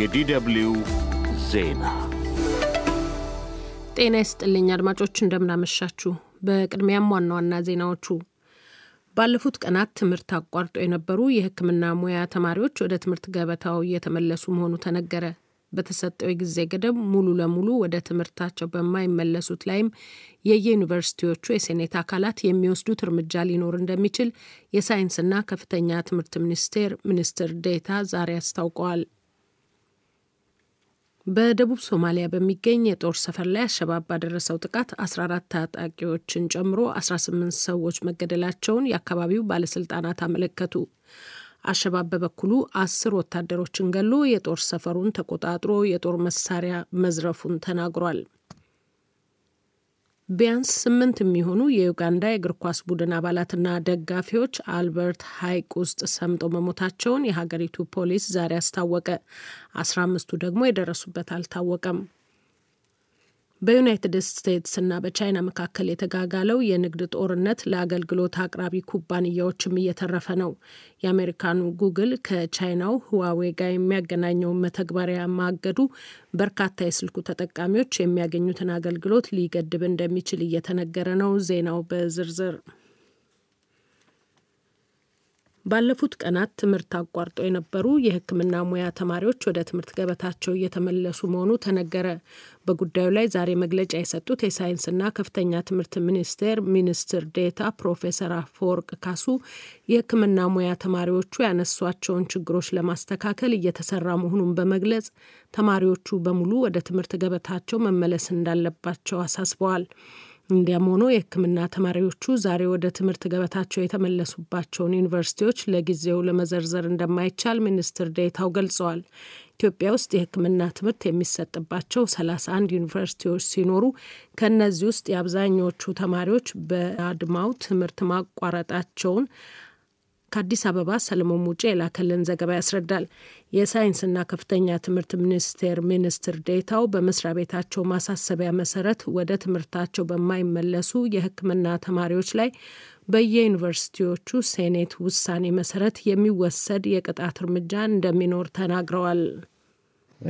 የዲደብልዩ ዜና ጤና ይስጥልኝ አድማጮች፣ እንደምናመሻችሁ። በቅድሚያም ዋና ዋና ዜናዎቹ ባለፉት ቀናት ትምህርት አቋርጠው የነበሩ የሕክምና ሙያ ተማሪዎች ወደ ትምህርት ገበታው እየተመለሱ መሆኑ ተነገረ። በተሰጠው የጊዜ ገደብ ሙሉ ለሙሉ ወደ ትምህርታቸው በማይመለሱት ላይም የየዩኒቨርሲቲዎቹ የሴኔት አካላት የሚወስዱት እርምጃ ሊኖር እንደሚችል የሳይንስና ከፍተኛ ትምህርት ሚኒስቴር ሚኒስትር ዴታ ዛሬ አስታውቀዋል። በደቡብ ሶማሊያ በሚገኝ የጦር ሰፈር ላይ አሸባብ ባደረሰው ጥቃት 14 ታጣቂዎችን ጨምሮ 18 ሰዎች መገደላቸውን የአካባቢው ባለስልጣናት አመለከቱ። አሸባብ በበኩሉ አስር ወታደሮችን ገሎ የጦር ሰፈሩን ተቆጣጥሮ የጦር መሳሪያ መዝረፉን ተናግሯል። ቢያንስ ስምንት የሚሆኑ የዩጋንዳ የእግር ኳስ ቡድን አባላትና ደጋፊዎች አልበርት ሐይቅ ውስጥ ሰምጦ መሞታቸውን የሀገሪቱ ፖሊስ ዛሬ አስታወቀ። አስራ አምስቱ ደግሞ የደረሱበት አልታወቀም። በዩናይትድ እና በቻይና መካከል የተጋጋለው የንግድ ጦርነት ለአገልግሎት አቅራቢ ኩባንያዎችም እየተረፈ ነው። የአሜሪካኑ ጉግል ከቻይናው ህዋዌ ጋር የሚያገናኘውን መተግበሪያ ማገዱ በርካታ የስልኩ ተጠቃሚዎች የሚያገኙትን አገልግሎት ሊገድብ እንደሚችል እየተነገረ ነው። ዜናው በዝርዝር ባለፉት ቀናት ትምህርት አቋርጦ የነበሩ የሕክምና ሙያ ተማሪዎች ወደ ትምህርት ገበታቸው እየተመለሱ መሆኑ ተነገረ። በጉዳዩ ላይ ዛሬ መግለጫ የሰጡት የሳይንስና ከፍተኛ ትምህርት ሚኒስቴር ሚኒስትር ዴታ ፕሮፌሰር አፈወርቅ ካሱ የሕክምና ሙያ ተማሪዎቹ ያነሷቸውን ችግሮች ለማስተካከል እየተሰራ መሆኑን በመግለጽ ተማሪዎቹ በሙሉ ወደ ትምህርት ገበታቸው መመለስ እንዳለባቸው አሳስበዋል። እንዲያም ሆኖ የሕክምና ተማሪዎቹ ዛሬ ወደ ትምህርት ገበታቸው የተመለሱባቸውን ዩኒቨርሲቲዎች ለጊዜው ለመዘርዘር እንደማይቻል ሚኒስትር ዴታው ገልጸዋል። ኢትዮጵያ ውስጥ የሕክምና ትምህርት የሚሰጥባቸው 31 ዩኒቨርሲቲዎች ሲኖሩ ከእነዚህ ውስጥ የአብዛኞቹ ተማሪዎች በአድማው ትምህርት ማቋረጣቸውን ከአዲስ አበባ ሰለሞን ሙጬ የላከልን ዘገባ ያስረዳል። የሳይንስና ከፍተኛ ትምህርት ሚኒስቴር ሚኒስትር ዴታው በመስሪያ ቤታቸው ማሳሰቢያ መሰረት ወደ ትምህርታቸው በማይመለሱ የሕክምና ተማሪዎች ላይ በየዩኒቨርሲቲዎቹ ሴኔት ውሳኔ መሰረት የሚወሰድ የቅጣት እርምጃ እንደሚኖር ተናግረዋል።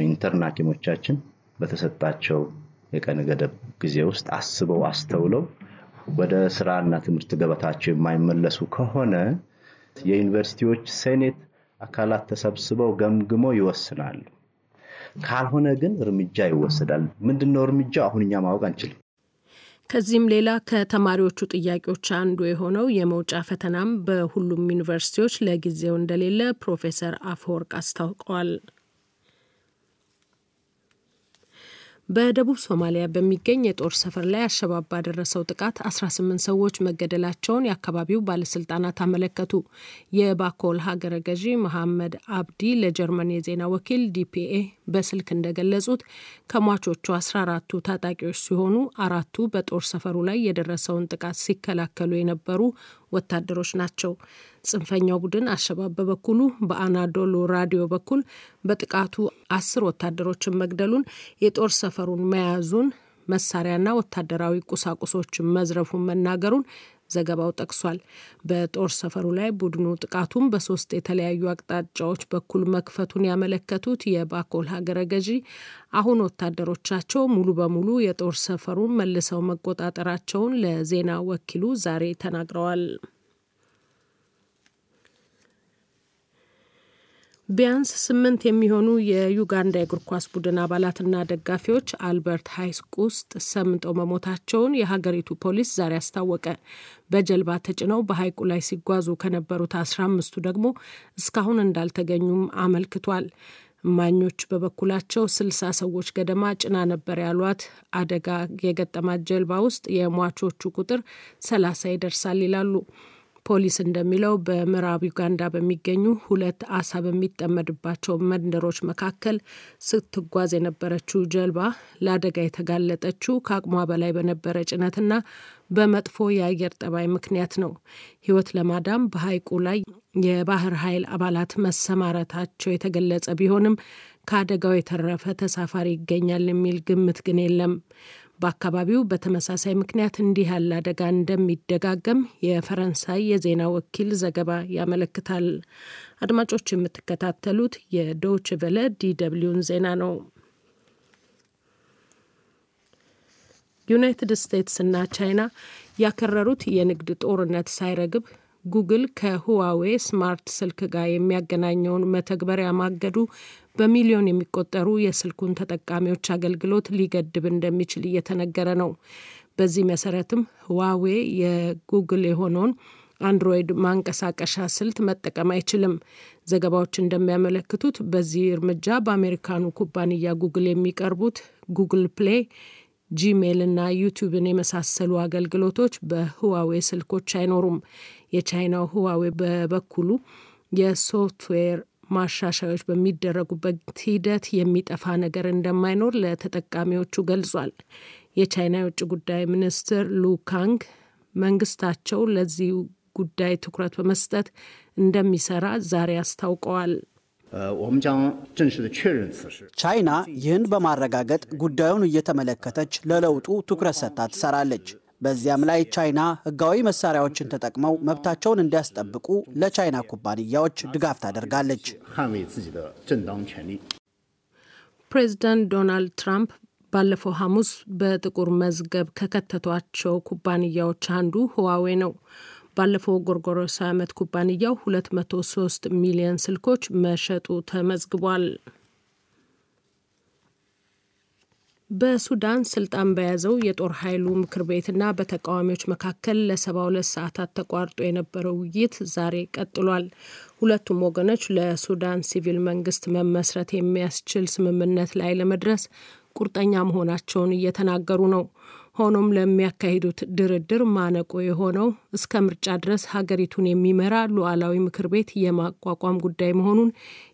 ኢንተርን ሐኪሞቻችን በተሰጣቸው የቀን ገደብ ጊዜ ውስጥ አስበው አስተውለው ወደ ስራና ትምህርት ገበታቸው የማይመለሱ ከሆነ የዩኒቨርሲቲዎች ሴኔት አካላት ተሰብስበው ገምግሞ ይወስናሉ። ካልሆነ ግን እርምጃ ይወሰዳል። ምንድነው እርምጃ አሁን እኛ ማወቅ አንችልም። ከዚህም ሌላ ከተማሪዎቹ ጥያቄዎች አንዱ የሆነው የመውጫ ፈተናም በሁሉም ዩኒቨርሲቲዎች ለጊዜው እንደሌለ ፕሮፌሰር አፈወርቅ አስታውቀዋል። በደቡብ ሶማሊያ በሚገኝ የጦር ሰፈር ላይ አሸባብ ባደረሰው ጥቃት 18 ሰዎች መገደላቸውን የአካባቢው ባለስልጣናት አመለከቱ። የባኮል ሀገረ ገዢ መሐመድ አብዲ ለጀርመን የዜና ወኪል ዲፒኤ በስልክ እንደገለጹት ከሟቾቹ 14ቱ ታጣቂዎች ሲሆኑ አራቱ በጦር ሰፈሩ ላይ የደረሰውን ጥቃት ሲከላከሉ የነበሩ ወታደሮች ናቸው። ጽንፈኛው ቡድን አሸባብ በበኩሉ በአናዶሎ ራዲዮ በኩል በጥቃቱ አስር ወታደሮችን መግደሉን፣ የጦር ሰፈሩን መያዙን፣ መሳሪያና ወታደራዊ ቁሳቁሶችን መዝረፉን መናገሩን ዘገባው ጠቅሷል። በጦር ሰፈሩ ላይ ቡድኑ ጥቃቱን በሶስት የተለያዩ አቅጣጫዎች በኩል መክፈቱን ያመለከቱት የባኮል ሀገረ ገዢ አሁን ወታደሮቻቸው ሙሉ በሙሉ የጦር ሰፈሩን መልሰው መቆጣጠራቸውን ለዜና ወኪሉ ዛሬ ተናግረዋል። ቢያንስ ስምንት የሚሆኑ የዩጋንዳ የእግር ኳስ ቡድን አባላትና ደጋፊዎች አልበርት ሀይስቅ ውስጥ ሰምጠው መሞታቸውን የሀገሪቱ ፖሊስ ዛሬ አስታወቀ። በጀልባ ተጭነው በሐይቁ ላይ ሲጓዙ ከነበሩት አስራ አምስቱ ደግሞ እስካሁን እንዳልተገኙም አመልክቷል። እማኞች በበኩላቸው ስልሳ ሰዎች ገደማ ጭና ነበር ያሏት አደጋ የገጠማት ጀልባ ውስጥ የሟቾቹ ቁጥር ሰላሳ ይደርሳል ይላሉ። ፖሊስ እንደሚለው በምዕራብ ዩጋንዳ በሚገኙ ሁለት አሳ በሚጠመድባቸው መንደሮች መካከል ስትጓዝ የነበረችው ጀልባ ለአደጋ የተጋለጠችው ከአቅሟ በላይ በነበረ ጭነትና በመጥፎ የአየር ጠባይ ምክንያት ነው። ሕይወት ለማዳም በሐይቁ ላይ የባህር ኃይል አባላት መሰማረታቸው የተገለጸ ቢሆንም ከአደጋው የተረፈ ተሳፋሪ ይገኛል የሚል ግምት ግን የለም። በአካባቢው በተመሳሳይ ምክንያት እንዲህ ያለ አደጋ እንደሚደጋገም የፈረንሳይ የዜና ወኪል ዘገባ ያመለክታል። አድማጮች የምትከታተሉት የዶች ቨለ ዲደብሊውን ዜና ነው። ዩናይትድ ስቴትስ እና ቻይና ያከረሩት የንግድ ጦርነት ሳይረግብ ጉግል ከሁዋዌ ስማርት ስልክ ጋር የሚያገናኘውን መተግበሪያ ማገዱ በሚሊዮን የሚቆጠሩ የስልኩን ተጠቃሚዎች አገልግሎት ሊገድብ እንደሚችል እየተነገረ ነው። በዚህ መሰረትም ህዋዌ የጉግል የሆነውን አንድሮይድ ማንቀሳቀሻ ስልት መጠቀም አይችልም። ዘገባዎች እንደሚያመለክቱት በዚህ እርምጃ በአሜሪካኑ ኩባንያ ጉግል የሚቀርቡት ጉግል ፕሌይ ጂሜል እና ዩቲዩብን የመሳሰሉ አገልግሎቶች በህዋዌ ስልኮች አይኖሩም። የቻይናው ህዋዌ በበኩሉ የሶፍትዌር ማሻሻዮች በሚደረጉበት ሂደት የሚጠፋ ነገር እንደማይኖር ለተጠቃሚዎቹ ገልጿል። የቻይና የውጭ ጉዳይ ሚኒስትር ሉካንግ መንግስታቸው ለዚህ ጉዳይ ትኩረት በመስጠት እንደሚሰራ ዛሬ አስታውቀዋል። ቻይና ይህን በማረጋገጥ ጉዳዩን እየተመለከተች ለለውጡ ትኩረት ሰጥታ ትሰራለች። በዚያም ላይ ቻይና ሕጋዊ መሳሪያዎችን ተጠቅመው መብታቸውን እንዲያስጠብቁ ለቻይና ኩባንያዎች ድጋፍ ታደርጋለች። ፕሬዚዳንት ዶናልድ ትራምፕ ባለፈው ሐሙስ በጥቁር መዝገብ ከከተቷቸው ኩባንያዎች አንዱ ህዋዌ ነው። ባለፈው ጎርጎሮስ ዓመት ኩባንያው 203 ሚሊዮን ስልኮች መሸጡ ተመዝግቧል። በሱዳን ስልጣን በያዘው የጦር ኃይሉ ምክር ቤትና በተቃዋሚዎች መካከል ለሰባ ሁለት ሰዓታት ተቋርጦ የነበረው ውይይት ዛሬ ቀጥሏል። ሁለቱም ወገኖች ለሱዳን ሲቪል መንግስት መመስረት የሚያስችል ስምምነት ላይ ለመድረስ ቁርጠኛ መሆናቸውን እየተናገሩ ነው። ሆኖም ለሚያካሂዱት ድርድር ማነቆ የሆነው እስከ ምርጫ ድረስ ሀገሪቱን የሚመራ ሉዓላዊ ምክር ቤት የማቋቋም ጉዳይ መሆኑን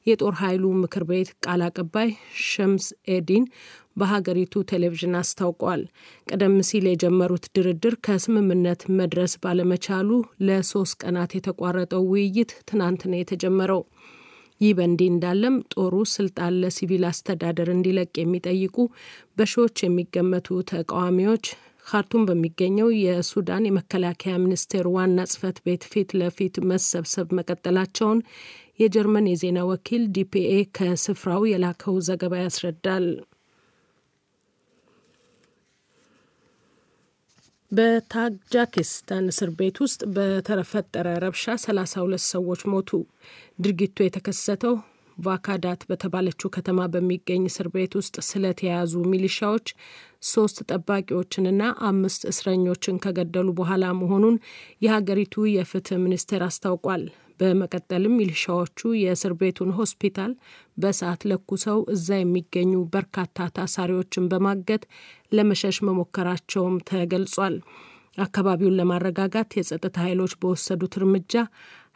የጦር ኃይሉ ምክር ቤት ቃል አቀባይ ሸምስ ኤዲን በሀገሪቱ ቴሌቪዥን አስታውቋል። ቀደም ሲል የጀመሩት ድርድር ከስምምነት መድረስ ባለመቻሉ ለሶስት ቀናት የተቋረጠው ውይይት ትናንት ነው የተጀመረው። ይህ በእንዲህ እንዳለም ጦሩ ስልጣን ለሲቪል አስተዳደር እንዲለቅ የሚጠይቁ በሺዎች የሚገመቱ ተቃዋሚዎች ካርቱም በሚገኘው የሱዳን የመከላከያ ሚኒስቴር ዋና ጽህፈት ቤት ፊት ለፊት መሰብሰብ መቀጠላቸውን የጀርመን የዜና ወኪል ዲፒኤ ከስፍራው የላከው ዘገባ ያስረዳል። በታጃኪስታን እስር ቤት ውስጥ በተፈጠረ ረብሻ 32 ሰዎች ሞቱ። ድርጊቱ የተከሰተው ቫካዳት በተባለችው ከተማ በሚገኝ እስር ቤት ውስጥ ስለተያዙ ሚሊሻዎች ሶስት ጠባቂዎችንና አምስት እስረኞችን ከገደሉ በኋላ መሆኑን የሀገሪቱ የፍትህ ሚኒስቴር አስታውቋል። በመቀጠልም ሚሊሻዎቹ የእስር ቤቱን ሆስፒታል በሰዓት ለኩሰው እዛ የሚገኙ በርካታ ታሳሪዎችን በማገት ለመሸሽ መሞከራቸውም ተገልጿል። አካባቢውን ለማረጋጋት የጸጥታ ኃይሎች በወሰዱት እርምጃ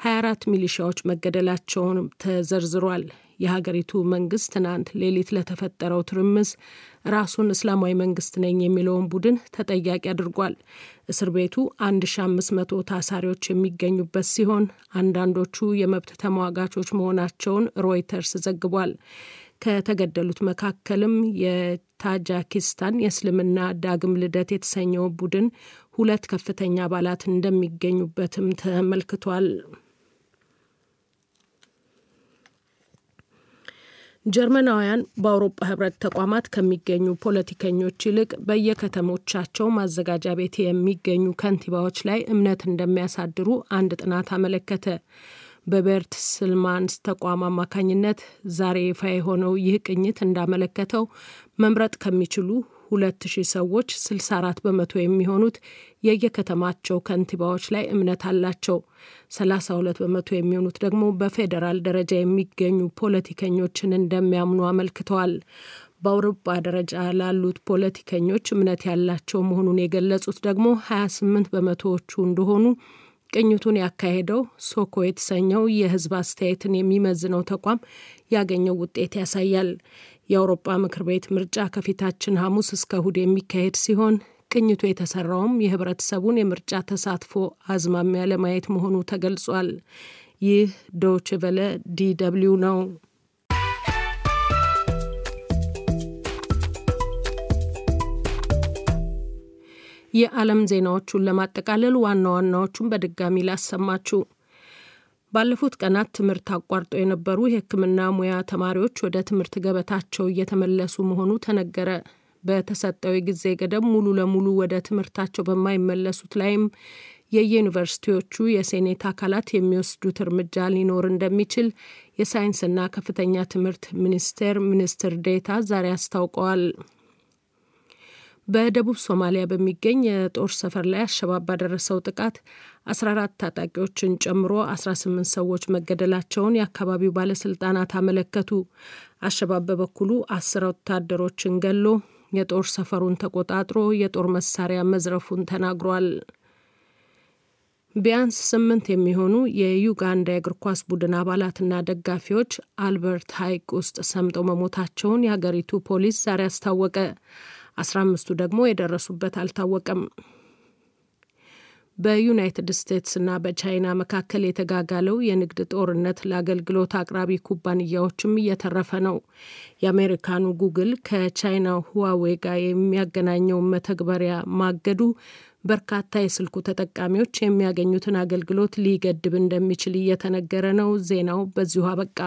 24 ሚሊሻዎች መገደላቸውን ተዘርዝሯል። የሀገሪቱ መንግስት ትናንት ሌሊት ለተፈጠረው ትርምስ ራሱን እስላማዊ መንግስት ነኝ የሚለውን ቡድን ተጠያቂ አድርጓል። እስር ቤቱ 1500 ታሳሪዎች የሚገኙበት ሲሆን አንዳንዶቹ የመብት ተሟጋቾች መሆናቸውን ሮይተርስ ዘግቧል። ከተገደሉት መካከልም የታጃኪስታን የእስልምና ዳግም ልደት የተሰኘው ቡድን ሁለት ከፍተኛ አባላት እንደሚገኙበትም ተመልክቷል። ጀርመናውያን በአውሮፓ ህብረት ተቋማት ከሚገኙ ፖለቲከኞች ይልቅ በየከተሞቻቸው ማዘጋጃ ቤት የሚገኙ ከንቲባዎች ላይ እምነት እንደሚያሳድሩ አንድ ጥናት አመለከተ። በበርት ስልማንስ ተቋም አማካኝነት ዛሬ ይፋ የሆነው ይህ ቅኝት እንዳመለከተው መምረጥ ከሚችሉ ሁለት ሺህ ሰዎች 64 በመቶ የሚሆኑት የየከተማቸው ከንቲባዎች ላይ እምነት አላቸው። 32 በመቶ የሚሆኑት ደግሞ በፌዴራል ደረጃ የሚገኙ ፖለቲከኞችን እንደሚያምኑ አመልክተዋል። በአውሮፓ ደረጃ ላሉት ፖለቲከኞች እምነት ያላቸው መሆኑን የገለጹት ደግሞ 28 በመቶዎቹ እንደሆኑ ቅኝቱን ያካሄደው ሶኮ የተሰኘው የሕዝብ አስተያየትን የሚመዝነው ተቋም ያገኘው ውጤት ያሳያል። የአውሮጳ ምክር ቤት ምርጫ ከፊታችን ሐሙስ እስከ እሁድ የሚካሄድ ሲሆን ቅኝቱ የተሰራውም የህብረተሰቡን የምርጫ ተሳትፎ አዝማሚያ ለማየት መሆኑ ተገልጿል። ይህ ዶች ቨለ ዲ ደብልዩ ነው። የዓለም ዜናዎቹን ለማጠቃለል ዋና ዋናዎቹን በድጋሚ ላሰማችሁ። ባለፉት ቀናት ትምህርት አቋርጦ የነበሩ የሕክምና ሙያ ተማሪዎች ወደ ትምህርት ገበታቸው እየተመለሱ መሆኑ ተነገረ። በተሰጠው የጊዜ ገደብ ሙሉ ለሙሉ ወደ ትምህርታቸው በማይመለሱት ላይም የየዩኒቨርሲቲዎቹ የሴኔት አካላት የሚወስዱት እርምጃ ሊኖር እንደሚችል የሳይንስና ከፍተኛ ትምህርት ሚኒስቴር ሚኒስትር ዴታ ዛሬ አስታውቀዋል። በደቡብ ሶማሊያ በሚገኝ የጦር ሰፈር ላይ አሸባብ ባደረሰው ጥቃት 14 ታጣቂዎችን ጨምሮ 18 ሰዎች መገደላቸውን የአካባቢው ባለስልጣናት አመለከቱ። አሸባብ በበኩሉ አስር ወታደሮችን ገሎ የጦር ሰፈሩን ተቆጣጥሮ የጦር መሳሪያ መዝረፉን ተናግሯል። ቢያንስ ስምንት የሚሆኑ የዩጋንዳ የእግር ኳስ ቡድን አባላትና ደጋፊዎች አልበርት ሐይቅ ውስጥ ሰምጠው መሞታቸውን የሀገሪቱ ፖሊስ ዛሬ አስታወቀ። አስራ አምስቱ ደግሞ የደረሱበት አልታወቀም። በዩናይትድ ስቴትስና በቻይና መካከል የተጋጋለው የንግድ ጦርነት ለአገልግሎት አቅራቢ ኩባንያዎችም እየተረፈ ነው። የአሜሪካኑ ጉግል ከቻይና ሁዋዌ ጋር የሚያገናኘውን መተግበሪያ ማገዱ በርካታ የስልኩ ተጠቃሚዎች የሚያገኙትን አገልግሎት ሊገድብ እንደሚችል እየተነገረ ነው። ዜናው በዚሁ አበቃ።